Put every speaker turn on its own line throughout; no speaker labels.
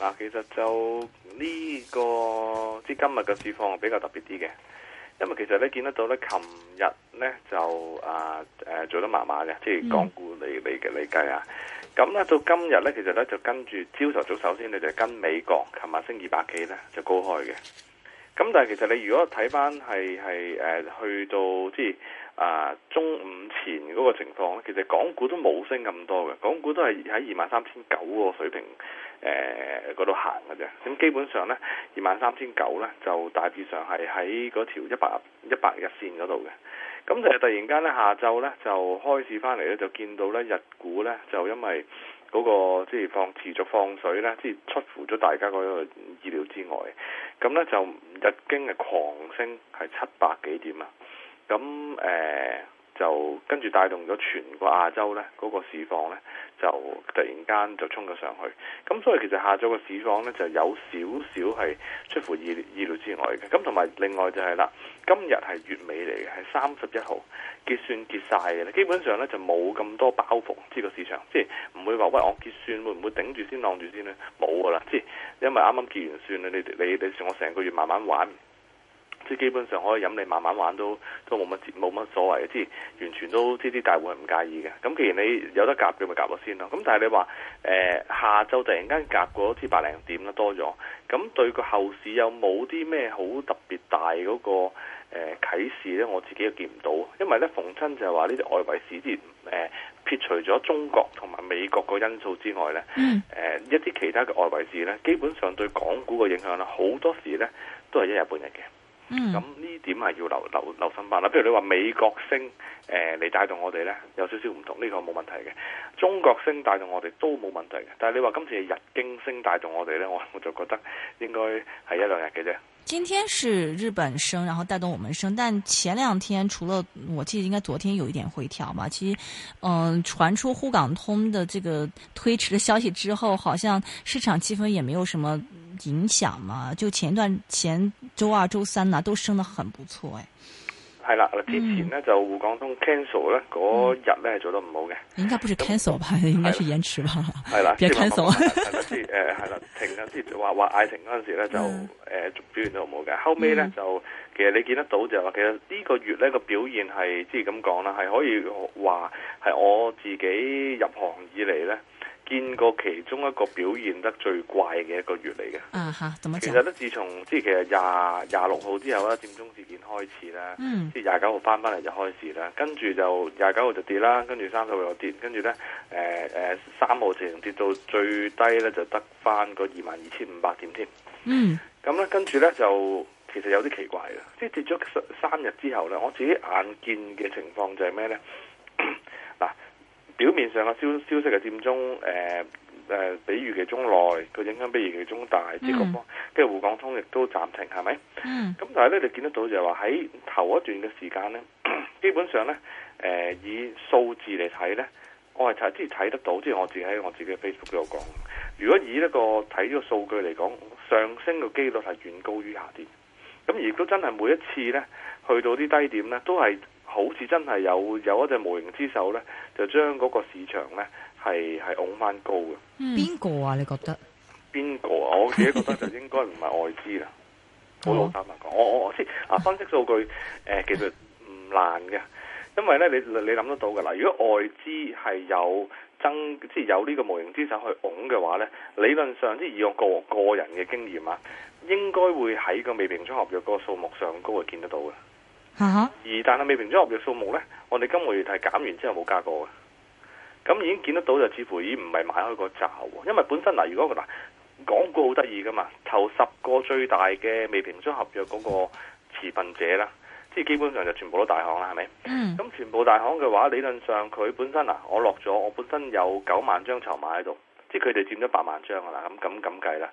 啊、其實就呢、這個即係今日嘅市況比較特別啲嘅，因為其實你見得到咧，琴日咧就啊誒、啊、做得麻麻嘅，即係港股嚟嚟嘅嚟計啊，咁咧到今日咧，其實咧就跟住朝頭早，首先你就跟美國琴日升二百幾咧就高開嘅，咁但係其實你如果睇翻係係誒去到即係、啊、中午前嗰個情況咧，其實港股都冇升咁多嘅，港股都係喺二萬三千九個水平。誒嗰度行嘅啫，咁、呃、基本上呢，二萬三千九呢，就大致上係喺嗰條一百一百日線嗰度嘅，咁就突然間呢，下晝呢，就開始翻嚟呢，就見到呢日股呢，就因為嗰、嗰個即係放持續放水呢，即係出乎咗大家嗰個意料之外，咁呢，就日經嘅狂升係七百幾點啊，咁誒。呃就跟住帶動咗全個亞洲呢嗰、嗰個市況呢，就突然間就衝咗上去。咁所以其實下晝個市況呢，就有少少係出乎意意料之外嘅。咁同埋另外就係啦，今日係月尾嚟嘅，係三十一號結算結晒嘅。基本上呢，就冇咁多包袱，呢、呢個市場即係唔會話，喂，我結算會唔會頂住先？晾住先呢？冇噶啦，即係因為啱啱結完算，你你你，你我成個月慢慢玩。即基本上可以飲你慢慢玩，都都冇乜冇乜所謂嘅，即係完全都呢啲大戶係唔介意嘅。咁既然你有得夾嘅咪夾咯先咯。咁但係你話誒、呃、下晝突然間夾過支百零點啦多咗，咁對個後市有冇啲咩好特別大嗰、個誒、呃、啟示咧？我自己又見唔到，因為咧逢親就係話呢啲外圍市啲誒、呃、撇除咗中國同埋美國個因素之外咧，誒、嗯呃、一啲其他嘅外圍市咧，基本上對港股嘅影響咧好多時咧都係一日半日嘅。咁呢、嗯、點係要留留留心吧啦。譬如你話美國升、呃，你嚟帶動我哋咧，有少少唔同，呢、這個冇問題嘅。中國升帶動我哋都冇問題嘅。但係你話今次日經升帶動我哋咧，我我就覺得應該係一兩日嘅啫。
今天是日本升，然後帶動我們升。但前兩天除了，我記得應該昨天有一點回調嘛。其實，嗯、呃，傳出滬港通的這個推遲的消息之後，好像市場氣氛也沒有什麼影響嘛？就前段前周二、周三呢、啊，都升得很不錯誒、欸。
係啦，之前咧、嗯、就滬港通 cancel 咧，嗰日咧係做得唔好嘅。
應該不是 cancel 吧？那應該是延遲吧？係啦，cancel。係啦， 即係
誒， 係啦，停嗰陣時話話嗌停嗰陣時咧就誒表現都唔好嘅。後尾咧、嗯、就其實你見得到就話，其實呢個月咧個表現係即係咁講啦，係可以話係我自己入行以嚟咧，見過其中一個表現得最怪嘅一個月嚟
嘅，嗯嚇、啊，其實
咧，自從即係其實廿廿六號之後啦，佔中事件開始啦，嗯，即係廿九號翻翻嚟就開始啦，跟住就廿九號就跌啦，跟住三十號又跌，跟住咧，誒、呃、誒，三號就跌到最低咧，就得翻個二萬二千五百點添，嗯，咁咧跟住咧就其實有啲奇怪嘅，即係跌咗三日之後咧，我自己眼見嘅情況就係咩咧？表面上嘅消消息係佔中，誒、呃、誒、呃，比預期中耐，佢影響比預期中大，即係咁。跟住滬港通亦都暫停，係咪？咁、mm. 但係咧，你見得到就係話喺頭一段嘅時間咧，基本上咧，誒、呃、以數字嚟睇咧，我係睇，即係睇得到，即係我自己喺我自己 Facebook 度有講。如果以一個睇呢個數據嚟講，上升嘅機率係遠高於下跌。咁亦都真係每一次咧，去到啲低點咧，都係。好似真係有有一隻無形之手咧，就將嗰個市場咧係，係拱翻高嘅。
邊個？嗯，啊？你覺得
邊個啊？我自己覺得就應該唔係外資啦。好 老實講，我我我先啊分析數據誒，啊、其實唔難嘅，因為咧你你諗得到嘅啦。如果外資係有增，即係有呢個無形之手去拱嘅話咧，理論上即係以我個個人嘅經驗啊，應該會喺個未平倉合約嗰個數目上高啊見得到嘅。Uh huh. 而但係未平倉合約數目呢，我哋今個月係減完之後冇加過嘅，咁已經見得到就似乎已唔係買開個倉喎，因為本身嗱，如果嗱，港股好得意噶嘛，頭十個最大嘅未平倉合約嗰個持份者啦，即係基本上就全部都大行啦，係咪？咁、uh huh. 全部大行嘅話，理論上佢本身嗱，我落咗，我本身有九萬張籌碼喺度，即係佢哋佔咗八萬張噶啦，咁咁咁計啦。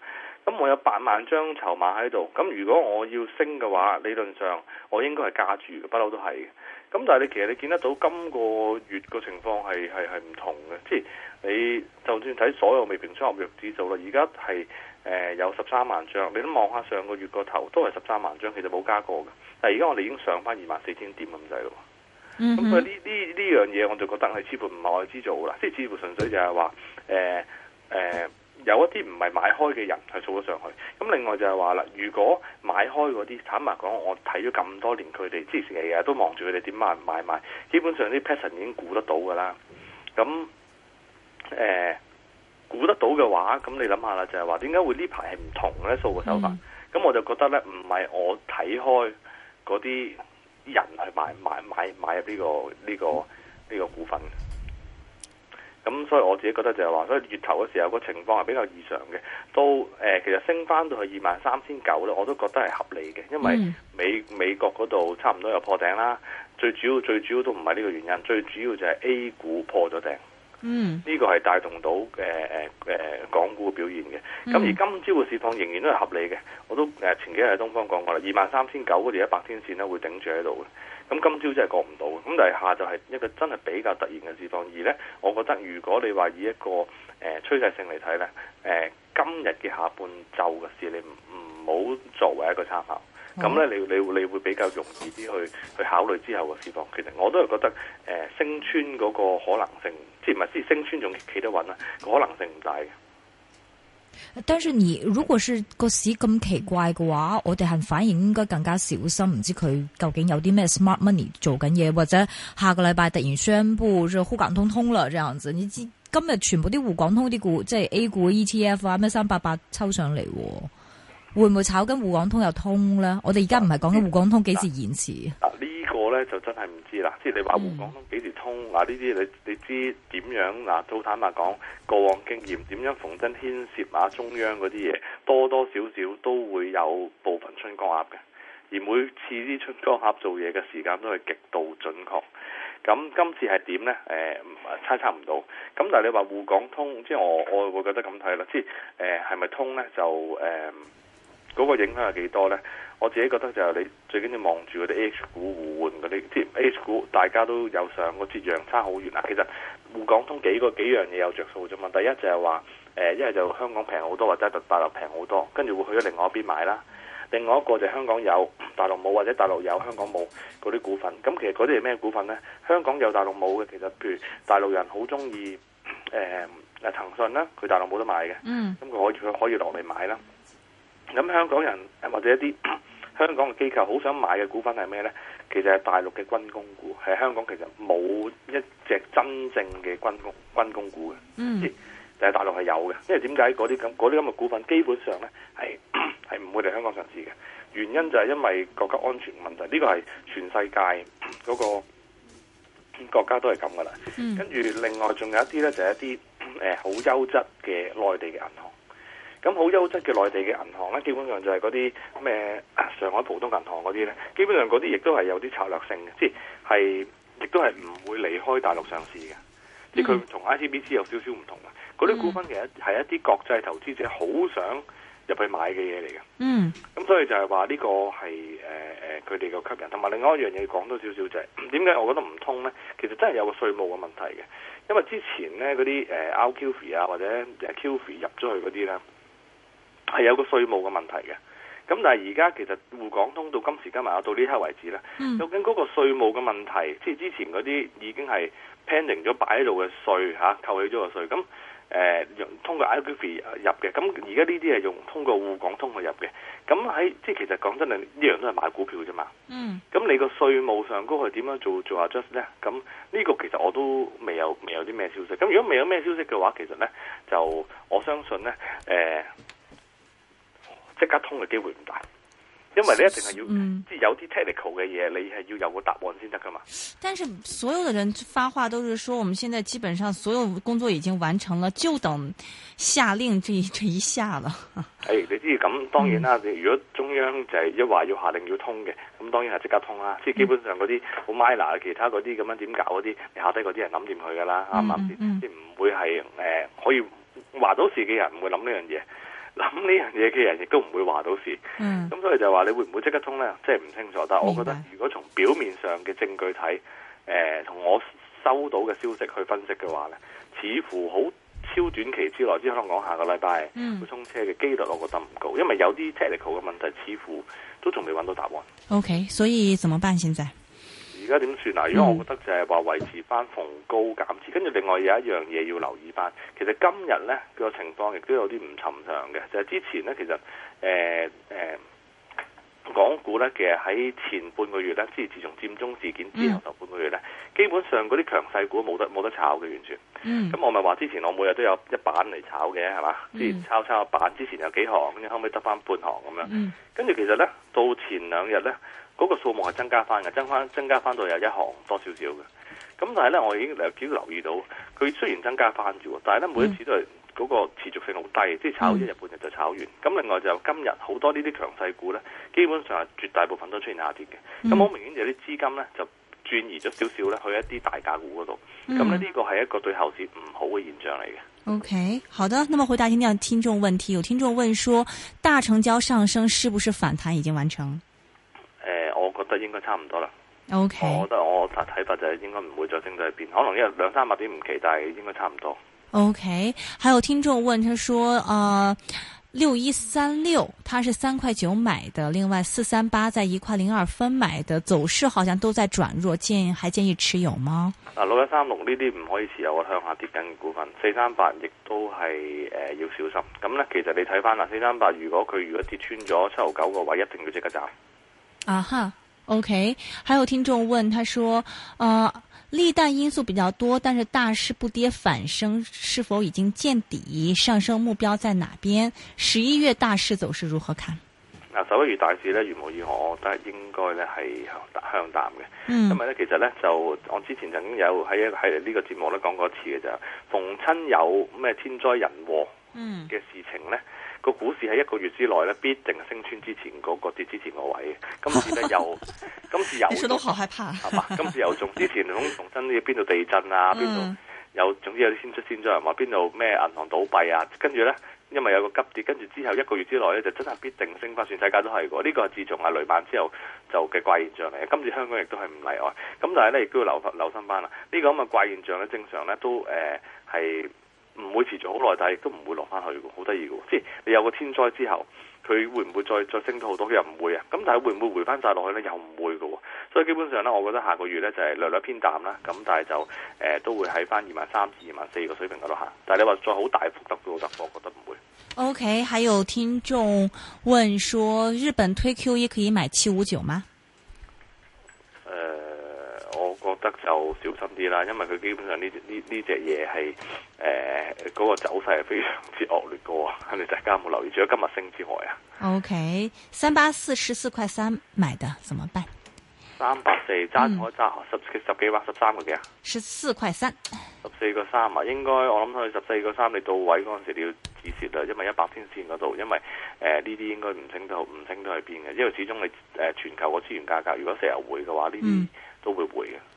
咁、嗯、我有八萬張籌碼喺度，咁如果我要升嘅話，理論上我應該係加注，不嬲都係嘅。咁但係你其實你見得到今個月個情況係係係唔同嘅，即係你就算睇所有未平倉合約弱資造啦，而家係誒有十三萬張，你都望下上個月個頭都係十三萬張，其實冇加過嘅。但係而家我哋已經上翻二萬四千點咁滯咯。
咁、mm hmm. 所以呢
呢呢樣嘢我就覺得係似乎唔係我哋資造啦，即係似乎純粹就係話有一啲唔係買開嘅人係掃咗上去，咁另外就係話啦，如果買開嗰啲，坦白講，我睇咗咁多年，佢哋之前日日都望住佢哋點買唔買賣，基本上啲 position 已經估得到㗎喇。咁誒估得到嘅話，咁你諗下啦，就係話點解會是不呢排係唔同咧掃個手法？咁、嗯、我就覺得咧，唔係我睇開嗰啲人去買、買、買、買入、呢、呢個呢、呢個呢、呢個股份。.咁、嗯、所以我自己覺得就係話，所以月頭嘅時候個情況係比較異常嘅。到誒、呃、其實升翻到去二萬三千九咧，我都覺得係合理嘅，因為美美國嗰度差唔多有破頂啦。最主要最主要都唔係呢個原因，最主要就係 A 股破咗頂。嗯，呢個係帶動到誒誒誒港股嘅表現嘅。咁、嗯、而今朝嘅市況仍然都係合理嘅。我都誒、呃、前幾日喺東方講過啦，二萬三千九嗰條一百天線咧會頂住喺度嘅。咁今朝真係過唔到，咁但係下晝係一個真係比較突然嘅市況。二呢，我覺得如果你話以一個誒、呃、趨勢性嚟睇呢，今日嘅下半晝嘅事，你唔好作為一個參考。咁、嗯、呢，你你你會比較容易啲去去考慮之後嘅市況。其實我都係覺得誒升穿嗰個可能性，即係唔係先升穿仲企得穩啦？嗰個可能性唔大嘅。
但是你如果是個市咁奇怪嘅話，我哋係反而應該更加小心，唔知佢究竟有啲咩 smart money 做緊嘢，或者下個禮拜突然宣布就滬港通通啦，這樣子，你知今日全部啲滬港通啲股，即係 A 股 ETF 啊咩三八八抽上嚟，會唔會炒緊滬港通又通咧？我哋而家唔係講緊滬港通幾時延遲。
就真係唔知啦，即係你話滬港通幾時通？嗱，呢啲你你知點樣？嗱，都坦白講，過往經驗，點樣逢真牽涉啊中央嗰啲嘢，多多少少都會有部分春江鴨嘅。而每次啲春江鴨做嘢嘅時間都係極度準確。咁今次係點呢？誒、呃，猜測唔到。咁但係你話滬港通，即係我我會覺得咁睇啦。即係係咪通呢？就誒，嗰、呃嗰個影響係幾多呢？我自己覺得就係你最緊要望住嗰啲 A H 股互換嗰啲，即 A H 股大家都有上個折讓差好遠啊！其實滬港通幾個幾樣嘢有着數啫嘛。第一就係話誒，一係就香港平好多，或者大陸平好多，跟住會去咗另外一邊買啦。另外一個就係香港有大陸冇，或者大陸有香港冇嗰啲股份。咁其實嗰啲係咩股份呢？香港有大陸冇嘅，其實譬如大陸人好中意誒騰訊啦，佢大陸冇得買嘅，咁佢可以佢可以落嚟買啦。咁香港人或者一啲香港嘅機構好想買嘅股份係咩呢？其實係大陸嘅軍工股，係香港其實冇一隻真正嘅軍工軍工股嘅。嗯，係大陸係有嘅，因為點解嗰啲咁啲咁嘅股份基本上呢係係唔會嚟香港上市嘅？原因就係因為國家安全問題，呢個係全世界嗰個國家都係咁噶啦。跟住、mm. 另外仲有一啲呢，就係、係、一啲誒好優質嘅內地嘅銀行。咁好優質嘅內地嘅銀行咧，基本上就係嗰啲咩上海浦東銀行嗰啲咧，基本上嗰啲亦都係有啲策略性嘅，即係亦都係唔會離開大陸上市嘅。即係佢同 I C B C 有少少唔同嘅。嗰啲股份其實係一啲國際投資者好想入去買嘅嘢嚟嘅。嗯。咁所以就係話呢個係誒佢哋嘅吸引，同埋另外一樣嘢講多少少就係點解我覺得唔通咧？其實真係有個稅務嘅問題嘅，因為之前咧嗰啲 RQFII 啊或者誒 QFII 入咗去嗰啲咧。係有個稅務嘅問題嘅，咁但係而家其實滬港通到今時今日到呢刻為止咧，嗯、究竟嗰個稅務嘅問題，即係之前嗰啲已經係 pending 咗擺喺度嘅稅吓，扣起咗個稅，咁誒、呃、通過 IOP 入嘅，咁而家呢啲係用通過滬港通去入嘅，咁喺即係其實講真係，誒呢樣都係買股票啫嘛。嗯。咁你個稅務上高係點樣做做下 just 咧？咁呢個其實我都未有未有啲咩消息。咁如果未有咩消息嘅話，其實咧就我相信咧，誒、呃。即刻通嘅機會唔大，
因為你一定係要
即係有啲 technical 嘅嘢，嗯、你係要有個答案先得噶嘛。
但是所有嘅人發話都是說，我們現在基本上所有工作已經完成了，就等下令這這一下了。
誒、哎，你知咁當然啦。嗯、如果中央就係一話要下令要通嘅，咁當然係即刻通啦。即、就是、基本上嗰啲好 minor 啊，其他嗰啲咁樣點搞嗰啲，下低嗰啲人諗掂佢噶啦，啱唔啱？即唔會係誒可以話到事嘅人唔會諗呢樣嘢。諗呢樣嘢嘅人亦都唔會話到事，咁、嗯、所以就話你會唔會即刻通呢？即係唔清楚，但係我覺得如果從表面上嘅證據睇，誒、明白，同、呃、我收到嘅消息去分析嘅話咧，似乎好超短期之內，只可能講下個禮拜會通車嘅機率，我覺得唔高，嗯、因為有啲 technical 嘅問題，似乎都仲未揾到答案。
OK，所以怎麼辦現在？
而家點算啊？因為我覺得就係話維持返逢高減持，跟住另外有一樣嘢要留意返。其實今日呢個情況亦都有啲唔尋常嘅，就係之前呢，其實誒誒。欸欸港股咧，其實喺前半個月咧，即係自從佔中事件之後到半個月咧，嗯、基本上嗰啲強勢股冇得冇得炒嘅完全。咁、嗯、我咪話之前我每日都有一版嚟炒嘅係嘛？之前抄抄一版，之前有幾行，跟住後尾得翻半行咁樣。跟住、嗯、其實咧，到前兩日咧，嗰、個數目係增加翻嘅，增翻增加翻到有一行多少少嘅。咁但係咧，我已經誒幾留意到，佢雖然增加翻住，但係咧每一次都係。嗯嗯嗰個持續性好低，即、就、係、是、炒一、嗯、日半日就炒完。咁另外就今日好多呢啲強勢股咧，基本上係絕大部分都出現下跌嘅。咁好、嗯、明顯有啲資金咧就轉移咗少少咧去一啲大價股嗰度。咁咧、嗯、呢個係一個對後市唔好嘅現象嚟嘅。
O、okay, K，好的。咁啊，回答一下聽眾問題。有聽眾問說：大成交上升是不是反彈已經完成？
誒、呃，我覺得應該差唔多啦。O Okay . K，我覺得我睇法就係應該唔會再升到去邊，可能一日兩三百點唔奇，但係應該差唔多。
OK，還有聽眾問他說：“呃，六一三六，他是三塊九買的；，另外四三八在一塊零二分買的，走勢好像都在轉弱，建議還建議持有嗎？”
啊，六一三六呢啲唔可以持有，我向下跌緊嘅股份，四三八亦都係誒、呃、要小心。咁呢，其實你睇返啊，四三八，如果佢如果跌穿咗七毫九嘅話，一定要即刻斬。
啊哈，OK，還有聽眾問他說：“呃。”利淡因素比較多，但係大市不跌反升，是否已經見底？上升目標在哪邊？十一月大市走勢如何看？
嗱，十一月大市咧，如無意外，我覺得應該咧係向向淡嘅。嗯，因為咧，其實咧就我之前曾經有喺一喺呢個節目咧講過一次嘅就，逢親有咩天災人禍，嗯嘅事情咧，個、嗯、股市喺一個月之內咧必定升穿之前嗰個跌之前個位，今次咧又。 今次有，都又，係嘛？今次又仲 之前，重重新啲邊度地震啊？邊度有？總之有啲先天災天災，話邊度咩銀行倒閉啊？跟住咧，因為有個急跌，跟住之後一個月之內咧，就真係必定升翻，全世界都係嘅。呢個係自從阿雷曼之後就嘅怪現象嚟。今次香港亦都係唔例外。咁但係咧，亦都要留留心翻啦。呢個咁嘅怪現象咧，正常咧都誒係唔會持續好耐，但係亦都唔會落翻去的，好得意嘅。即係你有個天災之後。佢會唔會再再升到好多？又唔會啊！咁但係會唔會回翻晒落去咧？又唔會嘅喎、哦。所以基本上咧，我覺得下個月咧就係、是、略略偏淡啦。咁但係就誒、呃、都會喺翻二萬三至二萬四個水平嗰度行。但係你話再好大幅突破，突破，我覺得唔會。
OK，還有聽眾問說，日本推 QE 可以買七五九嗎？
深啲啦，因為佢基本上呢呢呢隻嘢係誒嗰個走勢係非常之惡劣，個你大家冇留意，除咗今日升之外啊。
OK，三八四十四塊三買的，怎麼辦？
三百四揸左揸十十幾萬十三個幾啊？
十四塊三，
十四個三啊！應該我諗佢十四個三，你到位嗰陣時你要止蝕啦，因為一百天線嗰度，因為誒呢啲應該唔清楚，唔清楚喺邊嘅，因為始終你誒、呃、全球個資源價格，如果成日匯嘅話，呢啲都會
匯嘅。嗯